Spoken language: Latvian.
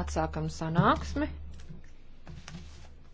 Atsākam sanāksmi.